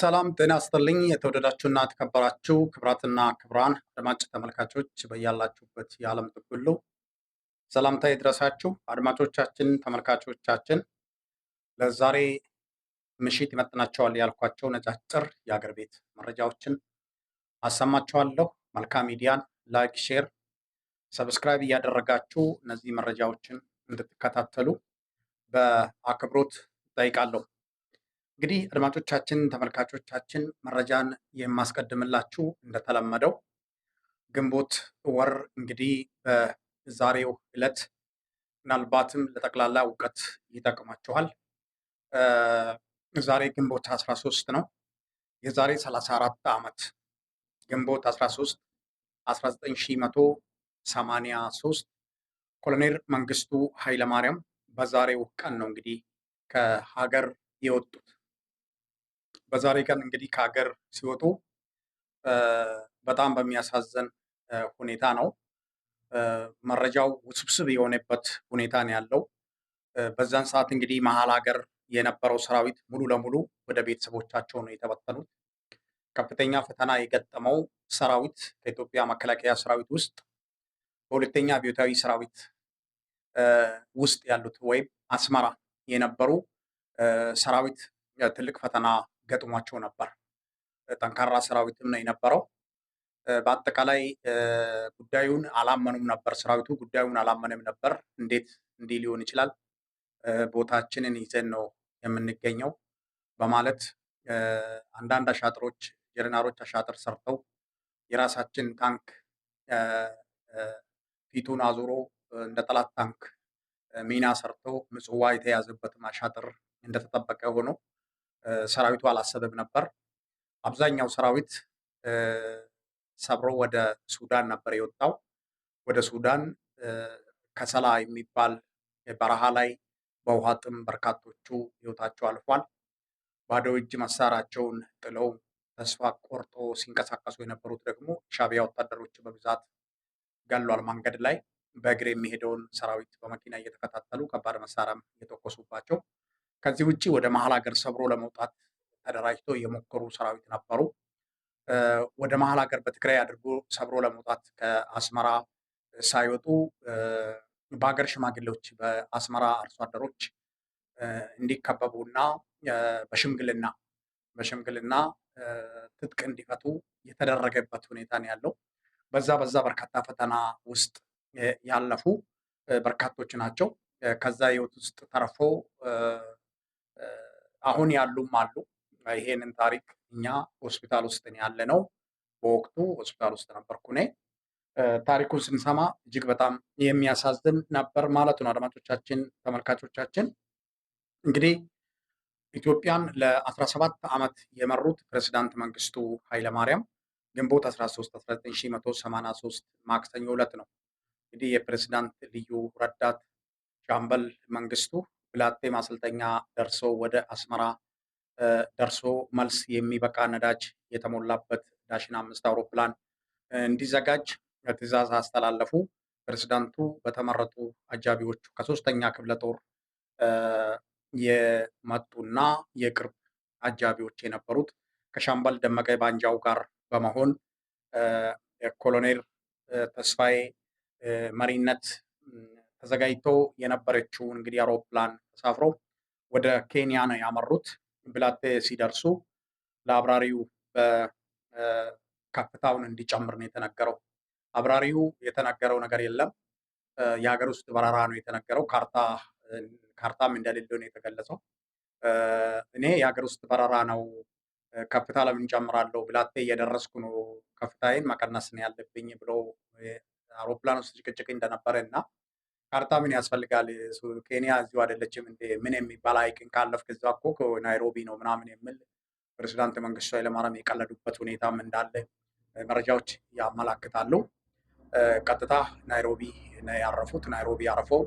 ሰላም ጤና ስጥልኝ። የተወደዳችሁና የተከበራችሁ ክብራትና ክብራን አድማጭ ተመልካቾች በያላችሁበት የዓለም ጥግ ሁሉ ሰላምታ ይድረሳችሁ። አድማጮቻችን፣ ተመልካቾቻችን ለዛሬ ምሽት ይመጥናቸዋል ያልኳቸው ነጫጭር የአገር ቤት መረጃዎችን አሰማችኋለሁ። መልካም ሚዲያን ላይክ፣ ሼር፣ ሰብስክራይብ እያደረጋችሁ እነዚህ መረጃዎችን እንድትከታተሉ በአክብሮት እጠይቃለሁ። እንግዲህ አድማጮቻችን፣ ተመልካቾቻችን መረጃን የማስቀድምላችሁ እንደተለመደው ግንቦት ወር እንግዲህ በዛሬው ዕለት ምናልባትም ለጠቅላላ እውቀት ይጠቅማችኋል። ዛሬ ግንቦት 13 ነው። የዛሬ 34 ዓመት ግንቦት 13 1983 ኮሎኔል መንግስቱ ኃይለማርያም በዛሬው ቀን ነው እንግዲህ ከሀገር የወጡት። በዛሬ ቀን እንግዲህ ከሀገር ሲወጡ በጣም በሚያሳዝን ሁኔታ ነው። መረጃው ውስብስብ የሆነበት ሁኔታ ነው ያለው። በዛን ሰዓት እንግዲህ መሀል ሀገር የነበረው ሰራዊት ሙሉ ለሙሉ ወደ ቤተሰቦቻቸው ነው የተበተኑት። ከፍተኛ ፈተና የገጠመው ሰራዊት ከኢትዮጵያ መከላከያ ሰራዊት ውስጥ በሁለተኛ አብዮታዊ ሰራዊት ውስጥ ያሉት ወይም አስመራ የነበሩ ሰራዊት ትልቅ ፈተና ገጥሟቸው ነበር። ጠንካራ ሰራዊትም ነው የነበረው። በአጠቃላይ ጉዳዩን አላመኑም ነበር። ሰራዊቱ ጉዳዩን አላመንም ነበር። እንዴት እንዲህ ሊሆን ይችላል? ቦታችንን ይዘን ነው የምንገኘው በማለት አንዳንድ አሻጥሮች፣ ጀነራሎች አሻጥር ሰርተው የራሳችን ታንክ ፊቱን አዙሮ እንደ ጠላት ታንክ ሚና ሰርተው ምጽዋ የተያዘበትም አሻጥር እንደተጠበቀ ሆኖ ሰራዊቱ አላሰበም ነበር። አብዛኛው ሰራዊት ሰብሮ ወደ ሱዳን ነበር የወጣው። ወደ ሱዳን ከሰላ የሚባል በረሃ ላይ በውሃ ጥም በርካቶቹ ህይወታቸው አልፏል። ባዶ እጅ መሳሪያቸውን ጥለው ተስፋ ቆርጦ ሲንቀሳቀሱ የነበሩት ደግሞ ሻቢያ ወታደሮች በብዛት ገሏል። መንገድ ላይ በእግር የሚሄደውን ሰራዊት በመኪና እየተከታተሉ ከባድ መሳሪያም እየተኮሱባቸው ከዚህ ውጭ ወደ መሀል ሀገር ሰብሮ ለመውጣት ተደራጅቶ የሞከሩ ሰራዊት ነበሩ። ወደ መሀል ሀገር በትግራይ አድርጎ ሰብሮ ለመውጣት ከአስመራ ሳይወጡ በሀገር ሽማግሌዎች በአስመራ አርሶ አደሮች እንዲከበቡ እና በሽምግልና በሽምግልና ትጥቅ እንዲፈቱ የተደረገበት ሁኔታ ነው ያለው። በዛ በዛ በርካታ ፈተና ውስጥ ያለፉ በርካቶች ናቸው። ከዛ ህይወት ውስጥ ተርፎ አሁን ያሉም አሉ። ይሄንን ታሪክ እኛ ሆስፒታል ውስጥ ያለ ነው። በወቅቱ ሆስፒታል ውስጥ ነበርኩ እኔ። ታሪኩን ስንሰማ እጅግ በጣም የሚያሳዝን ነበር ማለት ነው። አድማጮቻችን፣ ተመልካቾቻችን እንግዲህ ኢትዮጵያን ለ17 ዓመት የመሩት ፕሬዚዳንት መንግስቱ ኃይለማርያም ግንቦት 13 1983 ማክሰኞ ዕለት ነው እንግዲህ የፕሬዚዳንት ልዩ ረዳት ሻምበል መንግስቱ ፕላቴ ማሰልጠኛ ደርሶ ወደ አስመራ ደርሶ መልስ የሚበቃ ነዳጅ የተሞላበት ዳሽን አምስት አውሮፕላን እንዲዘጋጅ ትዕዛዝ አስተላለፉ። ፕሬዝዳንቱ በተመረጡ አጃቢዎቹ ከሶስተኛ ክፍለ ጦር የመጡና የቅርብ አጃቢዎች የነበሩት ከሻምበል ደመቀ ባንጃው ጋር በመሆን ኮሎኔል ተስፋዬ መሪነት ተዘጋጅቶ የነበረችው እንግዲህ አውሮፕላን ተሳፍረው ወደ ኬንያ ነው ያመሩት። ብላቴ ሲደርሱ ለአብራሪው ከፍታውን እንዲጨምር ነው የተነገረው። አብራሪው የተነገረው ነገር የለም። የሀገር ውስጥ በረራ ነው የተነገረው። ካርታ ካርታም እንደሌለው ነው የተገለጸው። እኔ የሀገር ውስጥ በረራ ነው ከፍታ ለምን ጨምራለሁ? ብላቴ እየደረስኩ ነው ከፍታዬን መቀነስ ነው ያለብኝ ብሎ አውሮፕላን ውስጥ ጭቅጭቅ እንደነበረ እና ካርታ ምን ያስፈልጋል? ኬንያ እዚሁ አይደለችም እንዴ? ምን የሚባል ሀይቅን ካለፍ ከዛ እኮ ናይሮቢ ነው ምናምን የሚል ፕሬዚዳንት መንግስቱ ኃይለማርያም የቀለዱበት ሁኔታም እንዳለ መረጃዎች ያመላክታሉ። ቀጥታ ናይሮቢ ያረፉት። ናይሮቢ አርፈው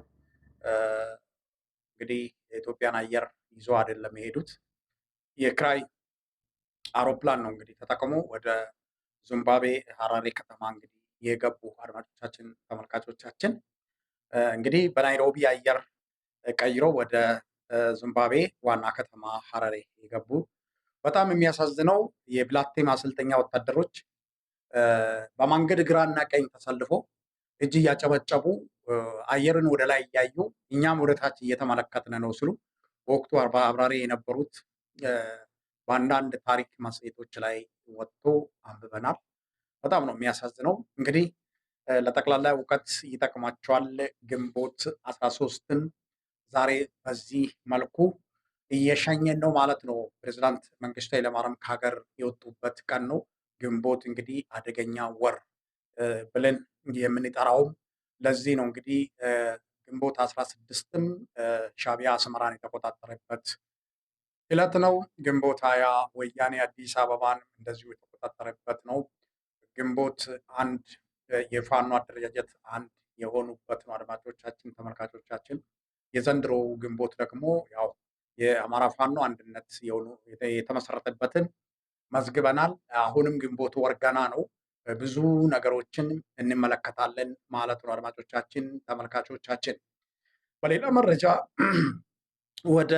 እንግዲህ የኢትዮጵያን አየር ይዞ አይደለም የሄዱት የክራይ አውሮፕላን ነው እንግዲህ ተጠቅሞ ወደ ዚምባብዌ ሀራሬ ከተማ እንግዲህ የገቡ አድማጮቻችን፣ ተመልካቾቻችን እንግዲህ በናይሮቢ አየር ቀይሮ ወደ ዚምባብዌ ዋና ከተማ ሀረሬ የገቡ በጣም የሚያሳዝነው የብላቴ ማሰልጠኛ ወታደሮች በማንገድ ግራና ቀኝ ተሰልፎ እጅ እያጨበጨቡ አየርን ወደ ላይ እያዩ እኛም ወደ ታች እየተመለከትን ነው ሲሉ በወቅቱ አብራሪ የነበሩት በአንዳንድ ታሪክ መጽሔቶች ላይ ወጥቶ አንብበናል። በጣም ነው የሚያሳዝነው። እንግዲህ ለጠቅላላ እውቀት ይጠቅማቸዋል ግንቦት አስራ ሶስትን ዛሬ በዚህ መልኩ እየሸኘን ነው ማለት ነው። ፕሬዚዳንት መንግስቱ ኃይለማርያም ከሀገር የወጡበት ቀን ነው። ግንቦት እንግዲህ አደገኛ ወር ብለን የምንጠራውም ለዚህ ነው። እንግዲህ ግንቦት አስራ ስድስትም ሻቢያ አስመራን የተቆጣጠረበት ዕለት ነው። ግንቦት ሀያ ወያኔ አዲስ አበባን እንደዚሁ የተቆጣጠረበት ነው። ግንቦት አንድ የፋኖ አደረጃጀት አንድ የሆኑበት ነው። አድማጮቻችን፣ ተመልካቾቻችን የዘንድሮ ግንቦት ደግሞ ያው የአማራ ፋኖ አንድነት የተመሰረተበትን መዝግበናል። አሁንም ግንቦት ወር ገና ነው። ብዙ ነገሮችን እንመለከታለን ማለት ነው። አድማጮቻችን፣ ተመልካቾቻችን በሌላ መረጃ ወደ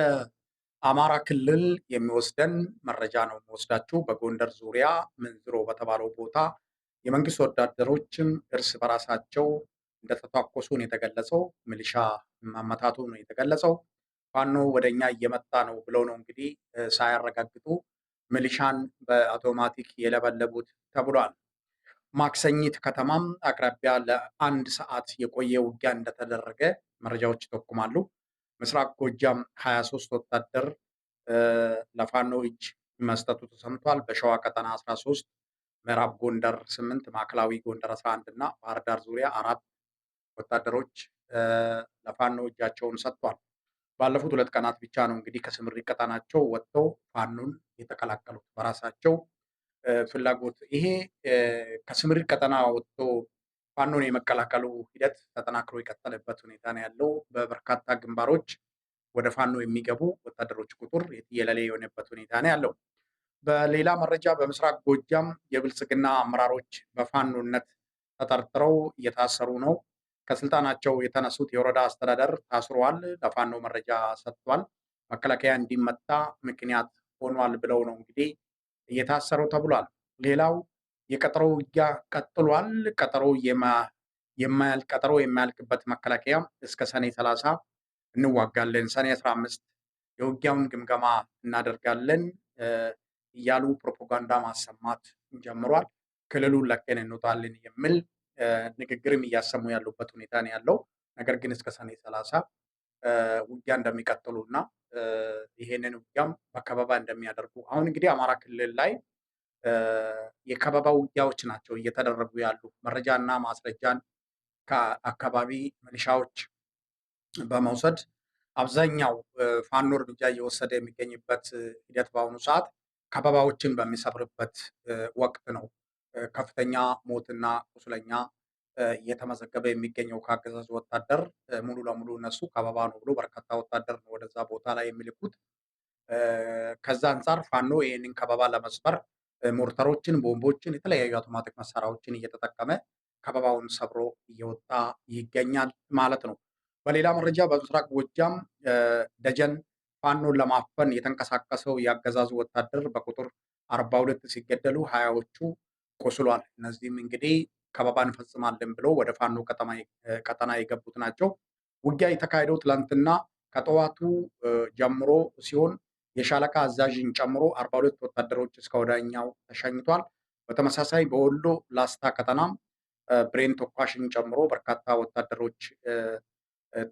አማራ ክልል የሚወስደን መረጃ ነው የሚወስዳችሁ በጎንደር ዙሪያ ምንዝሮ በተባለው ቦታ የመንግስት ወታደሮችም እርስ በራሳቸው እንደተተኮሱ ነው የተገለጸው። ሚሊሻ ማመታቱ ነው የተገለጸው። ፋኖ ወደኛ እየመጣ ነው ብለው ነው እንግዲህ ሳያረጋግጡ ሚሊሻን በአውቶማቲክ የለበለቡት ተብሏል። ማክሰኝት ከተማም አቅራቢያ ለአንድ ሰዓት የቆየ ውጊያ እንደተደረገ መረጃዎች ይጠቁማሉ። ምስራቅ ጎጃም 23 ወታደር ለፋኖ እጅ መስጠቱ ተሰምቷል። በሸዋ ቀጠና ሶስት ምዕራብ ጎንደር ስምንት ማዕከላዊ ጎንደር አስራ አንድ እና ባህር ዳር ዙሪያ አራት ወታደሮች ለፋኖ እጃቸውን ሰጥቷል። ባለፉት ሁለት ቀናት ብቻ ነው እንግዲህ ከስምሪ ቀጠናቸው ወጥተው ፋኖን የተቀላቀሉት በራሳቸው ፍላጎት። ይሄ ከስምሪ ቀጠና ወጥቶ ፋኖን የመቀላቀሉ ሂደት ተጠናክሮ የቀጠለበት ሁኔታ ነው ያለው። በበርካታ ግንባሮች ወደ ፋኖ የሚገቡ ወታደሮች ቁጥር የትየለሌ የሆነበት ሁኔታ ነው ያለው። በሌላ መረጃ በምስራቅ ጎጃም የብልጽግና አመራሮች በፋኖነት ተጠርጥረው እየታሰሩ ነው። ከስልጣናቸው የተነሱት የወረዳ አስተዳደር ታስሯል፣ ለፋኖ መረጃ ሰጥቷል፣ መከላከያ እንዲመታ ምክንያት ሆኗል ብለው ነው እንግዲህ እየታሰሩ ተብሏል። ሌላው የቀጠሮ ውጊያ ቀጥሏል። ቀጠሮ የማያልቅ ቀጠሮ የማያልቅበት መከላከያ እስከ ሰኔ ሰላሳ እንዋጋለን፣ ሰኔ አስራ አምስት የውጊያውን ግምገማ እናደርጋለን እያሉ ፕሮፓጋንዳ ማሰማት ጀምሯል። ክልሉን ለቀን እንወጣለን የሚል ንግግርም እያሰሙ ያሉበት ሁኔታ ነው ያለው። ነገር ግን እስከ ሰኔ ሰላሳ ውጊያ እንደሚቀጥሉ እና ይሄንን ውጊያም በከበባ እንደሚያደርጉ አሁን እንግዲህ አማራ ክልል ላይ የከበባ ውጊያዎች ናቸው እየተደረጉ ያሉ መረጃና ማስረጃን ከአካባቢ ሚሊሻዎች በመውሰድ አብዛኛው ፋኖ እርምጃ እየወሰደ የሚገኝበት ሂደት በአሁኑ ሰዓት ከበባዎችን በሚሰብርበት ወቅት ነው ከፍተኛ ሞትና ቁስለኛ እየተመዘገበ የሚገኘው። ከአገዛዙ ወታደር ሙሉ ለሙሉ እነሱ ከበባ ነው ብሎ በርካታ ወታደር ነው ወደዛ ቦታ ላይ የሚልኩት። ከዛ አንጻር ፋኖ ይህንን ከበባ ለመስበር ሞርተሮችን፣ ቦምቦችን፣ የተለያዩ አውቶማቲክ መሳሪያዎችን እየተጠቀመ ከበባውን ሰብሮ እየወጣ ይገኛል ማለት ነው። በሌላ መረጃ በምስራቅ ጎጃም ደጀን ፋኖን ለማፈን የተንቀሳቀሰው የአገዛዙ ወታደር በቁጥር አርባ ሁለት ሲገደሉ ሀያዎቹ ቆስሏል። እነዚህም እንግዲህ ከበባ እንፈጽማለን ብሎ ወደ ፋኖ ቀጠና የገቡት ናቸው። ውጊያ የተካሄደው ትላንትና ከጠዋቱ ጀምሮ ሲሆን የሻለቃ አዛዥን ጨምሮ አርባ ሁለት ወታደሮች እስከ ወዳኛው ተሸኝቷል። በተመሳሳይ በወሎ ላስታ ቀጠናም ብሬን ተኳሽን ጨምሮ በርካታ ወታደሮች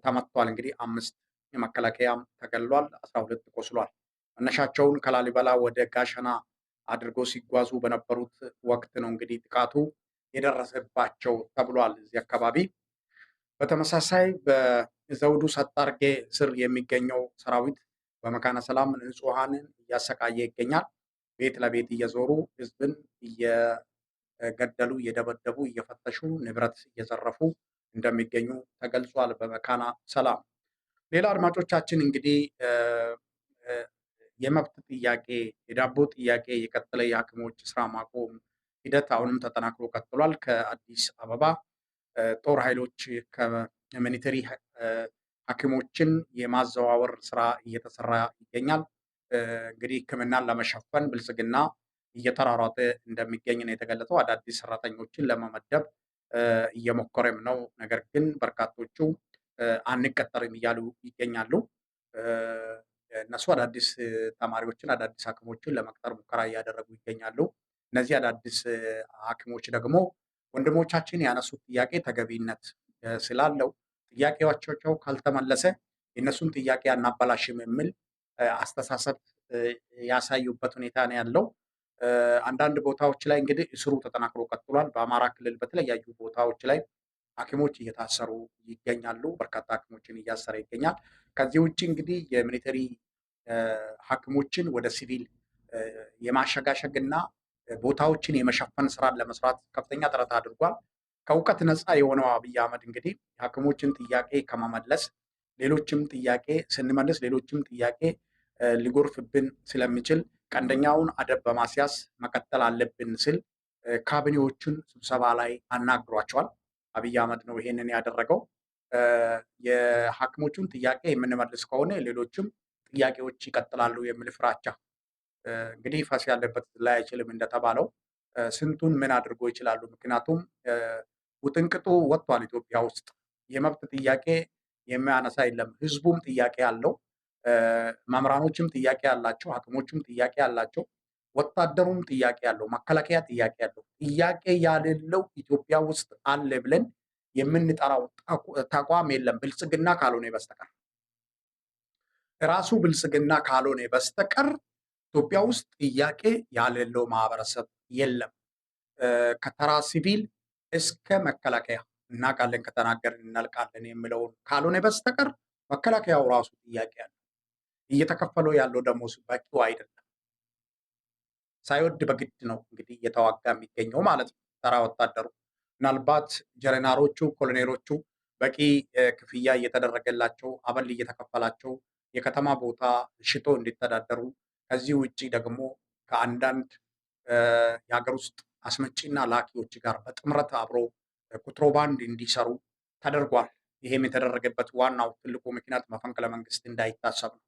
ተመቷል። እንግዲህ አምስት የመከላከያም ተገልሏል። አስራ ሁለት ቆስሏል። መነሻቸውን ከላሊበላ ወደ ጋሸና አድርጎ ሲጓዙ በነበሩት ወቅት ነው እንግዲህ ጥቃቱ የደረሰባቸው ተብሏል። እዚህ አካባቢ በተመሳሳይ በዘውዱ ሰጣርጌ ስር የሚገኘው ሰራዊት በመካነ ሰላም ንጹሐንን እያሰቃየ ይገኛል። ቤት ለቤት እየዞሩ ህዝብን እየገደሉ፣ እየደበደቡ፣ እየፈተሹ ንብረት እየዘረፉ እንደሚገኙ ተገልጿል። በመካና ሰላም ሌላው አድማጮቻችን እንግዲህ የመብት ጥያቄ የዳቦ ጥያቄ የቀጠለ የሐኪሞች ስራ ማቆም ሂደት አሁንም ተጠናክሮ ቀጥሏል። ከአዲስ አበባ ጦር ኃይሎች ከሚኒተሪ ሐኪሞችን የማዘዋወር ስራ እየተሰራ ይገኛል። እንግዲህ ሕክምናን ለመሸፈን ብልጽግና እየተራራጠ እንደሚገኝ ነው የተገለጸው። አዳዲስ ሰራተኞችን ለመመደብ እየሞከረም ነው። ነገር ግን በርካቶቹ አንቀጠርም እያሉ ይገኛሉ። እነሱ አዳዲስ ተማሪዎችን አዳዲስ ሐኪሞችን ለመቅጠር ሙከራ እያደረጉ ይገኛሉ። እነዚህ አዳዲስ ሐኪሞች ደግሞ ወንድሞቻችን ያነሱት ጥያቄ ተገቢነት ስላለው ጥያቄዎቻቸው ካልተመለሰ የእነሱን ጥያቄ አናበላሽም የሚል አስተሳሰብ ያሳዩበት ሁኔታ ነው ያለው። አንዳንድ ቦታዎች ላይ እንግዲህ እስሩ ተጠናክሮ ቀጥሏል። በአማራ ክልል በተለያዩ ቦታዎች ላይ ሐኪሞች እየታሰሩ ይገኛሉ። በርካታ ሐኪሞችን እያሰረ ይገኛል። ከዚህ ውጭ እንግዲህ የሚሊተሪ ሐኪሞችን ወደ ሲቪል የማሸጋሸግ እና ቦታዎችን የመሸፈን ስራን ለመስራት ከፍተኛ ጥረት አድርጓል። ከእውቀት ነፃ የሆነው አብይ አህመድ እንግዲህ የሐኪሞችን ጥያቄ ከመመለስ ሌሎችም ጥያቄ ስንመልስ ሌሎችም ጥያቄ ሊጎርፍብን ስለሚችል ቀንደኛውን አደብ በማስያዝ መቀጠል አለብን ስል ካቢኔዎቹን ስብሰባ ላይ አናግሯቸዋል። አብይ አህመድ ነው ይሄንን ያደረገው። የሐኪሞቹን ጥያቄ የምንመልስ ከሆነ ሌሎችም ጥያቄዎች ይቀጥላሉ የሚል ፍራቻ እንግዲህ ፈስ ያለበት ላይ አይችልም እንደተባለው ስንቱን ምን አድርጎ ይችላሉ። ምክንያቱም ውጥንቅጡ ወጥቷል። ኢትዮጵያ ውስጥ የመብት ጥያቄ የሚያነሳ የለም። ህዝቡም ጥያቄ አለው፣ መምህራኖችም ጥያቄ አላቸው፣ ሐኪሞቹም ጥያቄ አላቸው። ወታደሩም ጥያቄ ያለው፣ መከላከያ ጥያቄ ያለው፣ ጥያቄ ያሌለው ኢትዮጵያ ውስጥ አለ ብለን የምንጠራው ተቋም የለም ብልጽግና ካልሆነ በስተቀር ራሱ ብልጽግና ካልሆነ በስተቀር ኢትዮጵያ ውስጥ ጥያቄ ያሌለው ማህበረሰብ የለም። ከተራ ሲቪል እስከ መከላከያ እናውቃለን፣ ከተናገርን እናልቃለን የሚለውን ካልሆነ በስተቀር መከላከያው ራሱ ጥያቄ ያለው እየተከፈለው ያለው ደሞዝ በቂው አይደለም። ሳይወድ በግድ ነው እንግዲህ እየተዋጋ የሚገኘው ማለት ነው። ተራ ወታደሩ ምናልባት ጀሬናሮቹ ኮሎኔሎቹ በቂ ክፍያ እየተደረገላቸው አበል እየተከፈላቸው የከተማ ቦታ ሽቶ እንዲተዳደሩ ከዚህ ውጭ ደግሞ ከአንዳንድ የሀገር ውስጥ አስመጪና ላኪዎች ጋር በጥምረት አብሮ ኮንትሮባንድ እንዲሰሩ ተደርጓል። ይሄም የተደረገበት ዋናው ትልቁ ምክንያት መፈንቅለ መንግስት እንዳይታሰብ ነው።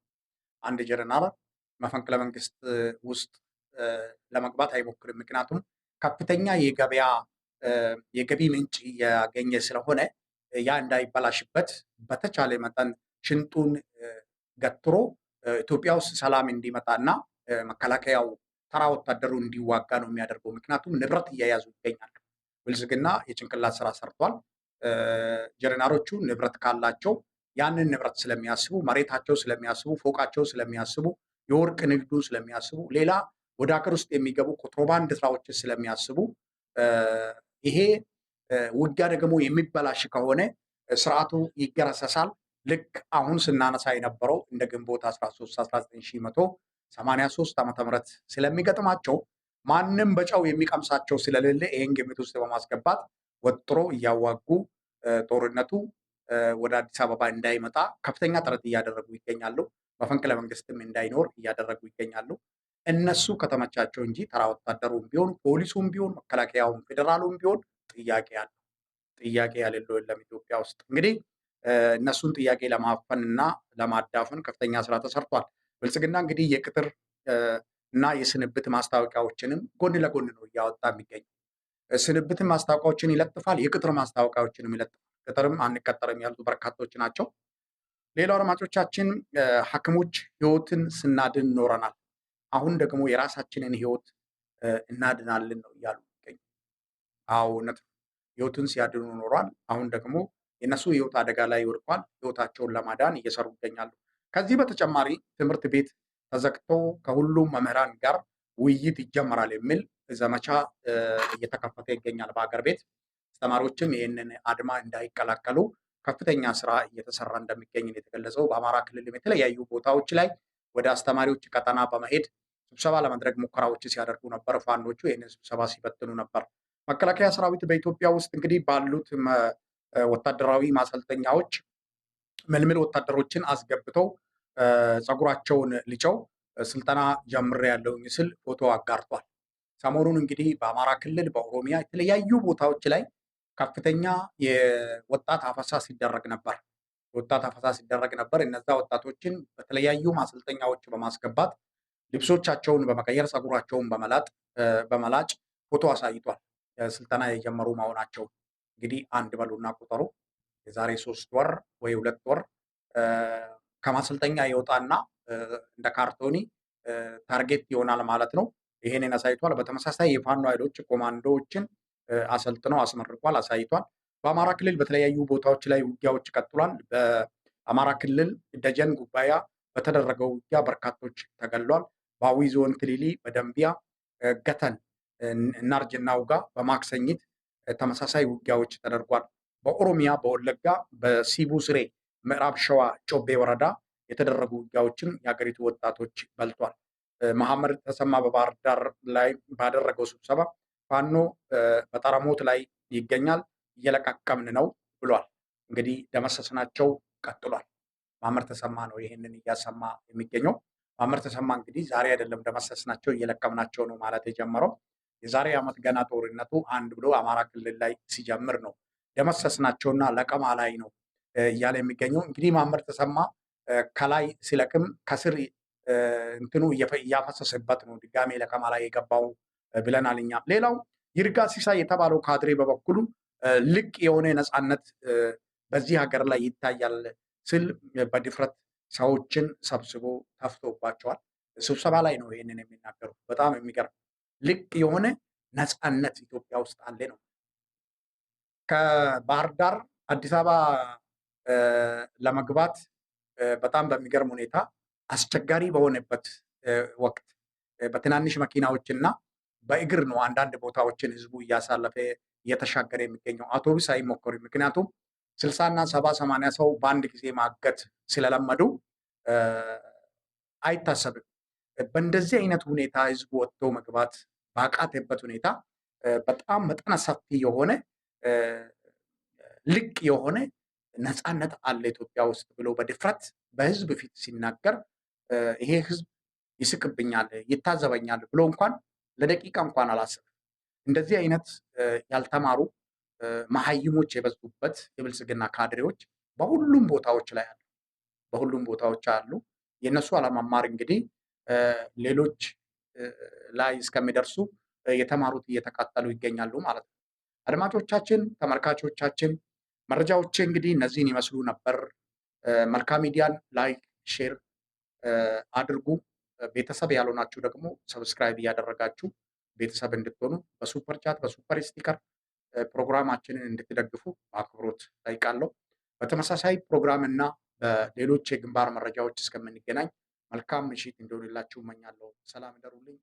አንድ ጀነራል መፈንቅለ መንግስት ውስጥ ለመግባት አይሞክርም። ምክንያቱም ከፍተኛ የገበያ የገቢ ምንጭ ያገኘ ስለሆነ ያ እንዳይበላሽበት በተቻለ መጠን ሽንጡን ገትሮ ኢትዮጵያ ውስጥ ሰላም እንዲመጣ እና መከላከያው ተራ ወታደሩ እንዲዋጋ ነው የሚያደርገው። ምክንያቱም ንብረት እያያዙ ይገኛል። ብልጽግና የጭንቅላት ስራ ሰርቷል። ጀነራሎቹ ንብረት ካላቸው ያንን ንብረት ስለሚያስቡ፣ መሬታቸው ስለሚያስቡ፣ ፎቃቸው ስለሚያስቡ፣ የወርቅ ንግዱ ስለሚያስቡ ሌላ ወደ ሀገር ውስጥ የሚገቡ ኮንትሮባንድ ስራዎችን ስለሚያስቡ ይሄ ውጊያ ደግሞ የሚበላሽ ከሆነ ስርዓቱ ይገረሰሳል። ልክ አሁን ስናነሳ የነበረው እንደ ግንቦት 13 1983 ዓ ም ስለሚገጥማቸው ማንም በጨው የሚቀምሳቸው ስለሌለ ይህን ግምት ውስጥ በማስገባት ወጥሮ እያዋጉ ጦርነቱ ወደ አዲስ አበባ እንዳይመጣ ከፍተኛ ጥረት እያደረጉ ይገኛሉ። መፈንቅለ መንግስትም እንዳይኖር እያደረጉ ይገኛሉ። እነሱ ከተመቻቸው እንጂ ተራ ወታደሩም ቢሆን ፖሊሱም ቢሆን መከላከያውም ፌዴራሉም ቢሆን ጥያቄ ያለ ጥያቄ ያሌለው የለም ኢትዮጵያ ውስጥ እንግዲህ እነሱን ጥያቄ ለማፈን እና ለማዳፈን ከፍተኛ ስራ ተሰርቷል። ብልጽግና እንግዲህ የቅጥር እና የስንብት ማስታወቂያዎችንም ጎን ለጎን ነው እያወጣ የሚገኝ። ስንብት ማስታወቂያዎችን ይለጥፋል፣ የቅጥር ማስታወቂያዎችንም ይለጥፋል። ቅጥርም አንቀጠርም ያሉት በርካቶች ናቸው። ሌላው አድማጮቻችን ሐኪሞች ህይወትን ስናድን ኖረናል አሁን ደግሞ የራሳችንን ህይወት እናድናልን ነው እያሉ ይገኙ። አዎ እውነት ነው። ህይወትን ሲያድኑ ኖሯል። አሁን ደግሞ የእነሱ ህይወት አደጋ ላይ ወድቋል። ህይወታቸውን ለማዳን እየሰሩ ይገኛሉ። ከዚህ በተጨማሪ ትምህርት ቤት ተዘግቶ ከሁሉም መምህራን ጋር ውይይት ይጀመራል የሚል ዘመቻ እየተከፈተ ይገኛል በሀገር ቤት። አስተማሪዎችም ይህንን አድማ እንዳይቀላቀሉ ከፍተኛ ስራ እየተሰራ እንደሚገኝ የተገለጸው በአማራ ክልል የተለያዩ ቦታዎች ላይ ወደ አስተማሪዎች ቀጠና በመሄድ ስብሰባ ለማድረግ ሙከራዎች ሲያደርጉ ነበር። ፋኖቹ ይህንን ስብሰባ ሲበትኑ ነበር። መከላከያ ሰራዊት በኢትዮጵያ ውስጥ እንግዲህ ባሉት ወታደራዊ ማሰልጠኛዎች ምልምል ወታደሮችን አስገብተው ጸጉራቸውን ልጨው ስልጠና ጀምሬ ያለውኝ ስል ፎቶ አጋርቷል። ሰሞኑን እንግዲህ በአማራ ክልል በኦሮሚያ የተለያዩ ቦታዎች ላይ ከፍተኛ የወጣት አፈሳ ሲደረግ ነበር ወጣት አፈሳ ሲደረግ ነበር። እነዛ ወጣቶችን በተለያዩ ማሰልጠኛዎች በማስገባት ልብሶቻቸውን በመቀየር ፀጉራቸውን በመላጥ በመላጭ ፎቶ አሳይቷል። ስልጠና የጀመሩ መሆናቸው እንግዲህ አንድ በሉና ቁጠሩ። የዛሬ ሶስት ወር ወይ ሁለት ወር ከማሰልጠኛ የወጣና እንደ ካርቶኒ ታርጌት ይሆናል ማለት ነው። ይሄንን አሳይቷል። በተመሳሳይ የፋኖ ኃይሎች ኮማንዶዎችን አሰልጥነው አስመርቋል፣ አሳይቷል። በአማራ ክልል በተለያዩ ቦታዎች ላይ ውጊያዎች ቀጥሏል። በአማራ ክልል ደጀን ጉባኤ በተደረገው ውጊያ በርካቶች ተገሏል። በአዊ ዞን ክሊሊ፣ በደንቢያ ገተን፣ እናርጅና ውጋ፣ በማክሰኝት ተመሳሳይ ውጊያዎች ተደርጓል። በኦሮሚያ በወለጋ በሲቡ ስሬ፣ ምዕራብ ሸዋ ጮቤ ወረዳ የተደረጉ ውጊያዎችን የሀገሪቱ ወጣቶች በልቷል። መሐመድ ተሰማ በባህር ዳር ላይ ባደረገው ስብሰባ ፋኖ በጠረሞት ላይ ይገኛል እየለቃቀምን ነው ብሏል። እንግዲህ ደመሰስናቸው ቀጥሏል። ማመር ተሰማ ነው ይህንን እያሰማ የሚገኘው። ማመር ተሰማ እንግዲህ ዛሬ አይደለም ደመሰስ ናቸው እየለቀምናቸው ነው ማለት የጀመረው የዛሬ ዓመት ገና ጦርነቱ አንድ ብሎ አማራ ክልል ላይ ሲጀምር ነው ደመሰስ ናቸውና ለቀማ ላይ ነው እያለ የሚገኘው እንግዲህ ማመር ተሰማ ከላይ ሲለቅም ከስር እንትኑ እያፈሰሰበት ነው ድጋሜ ለቀማ ላይ የገባው ብለናል ሌላው ይርጋ ሲሳይ የተባለው ካድሬ በበኩሉ ልቅ የሆነ ነፃነት በዚህ ሀገር ላይ ይታያል ስል በድፍረት ሰዎችን ሰብስቦ ተፍቶባቸዋል። ስብሰባ ላይ ነው ይህንን የሚናገሩ በጣም የሚገርም ልቅ የሆነ ነፃነት ኢትዮጵያ ውስጥ አለ ነው። ከባህር ዳር አዲስ አበባ ለመግባት በጣም በሚገርም ሁኔታ አስቸጋሪ በሆነበት ወቅት በትናንሽ መኪናዎች እና በእግር ነው አንዳንድ ቦታዎችን ህዝቡ እያሳለፈ እየተሻገረ የሚገኘው። አውቶቡስ አይሞከሩም። ምክንያቱም ስልሳና ሰባ ሰማንያ ሰው በአንድ ጊዜ ማገት ስለለመዱ አይታሰብም። በእንደዚህ አይነት ሁኔታ ህዝቡ ወጥቶ መግባት ባቃተበት ሁኔታ በጣም መጠነ ሰፊ የሆነ ልቅ የሆነ ነፃነት አለ ኢትዮጵያ ውስጥ ብሎ በድፍረት በህዝብ ፊት ሲናገር ይሄ ህዝብ ይስቅብኛል፣ ይታዘበኛል ብሎ እንኳን ለደቂቃ እንኳን አላሰብ እንደዚህ አይነት ያልተማሩ መሀይሞች የበዙበት የብልጽግና ካድሬዎች በሁሉም ቦታዎች ላይ አሉ። በሁሉም ቦታዎች አሉ። የእነሱ አለመማር እንግዲህ ሌሎች ላይ እስከሚደርሱ የተማሩት እየተቃጠሉ ይገኛሉ ማለት ነው። አድማጮቻችን፣ ተመልካቾቻችን መረጃዎች እንግዲህ እነዚህን ይመስሉ ነበር። መልካም ሚዲያን ላይክ፣ ሼር አድርጉ። ቤተሰብ ያልሆናችሁ ደግሞ ሰብስክራይብ እያደረጋችሁ ቤተሰብ እንድትሆኑ በሱፐር ቻት በሱፐር ስቲከር ፕሮግራማችንን እንድትደግፉ በአክብሮት ጠይቃለሁ። በተመሳሳይ ፕሮግራምና በሌሎች የግንባር መረጃዎች እስከምንገናኝ መልካም ምሽት እንደሆነላችሁ እመኛለሁ። ሰላም እደሩልኝ።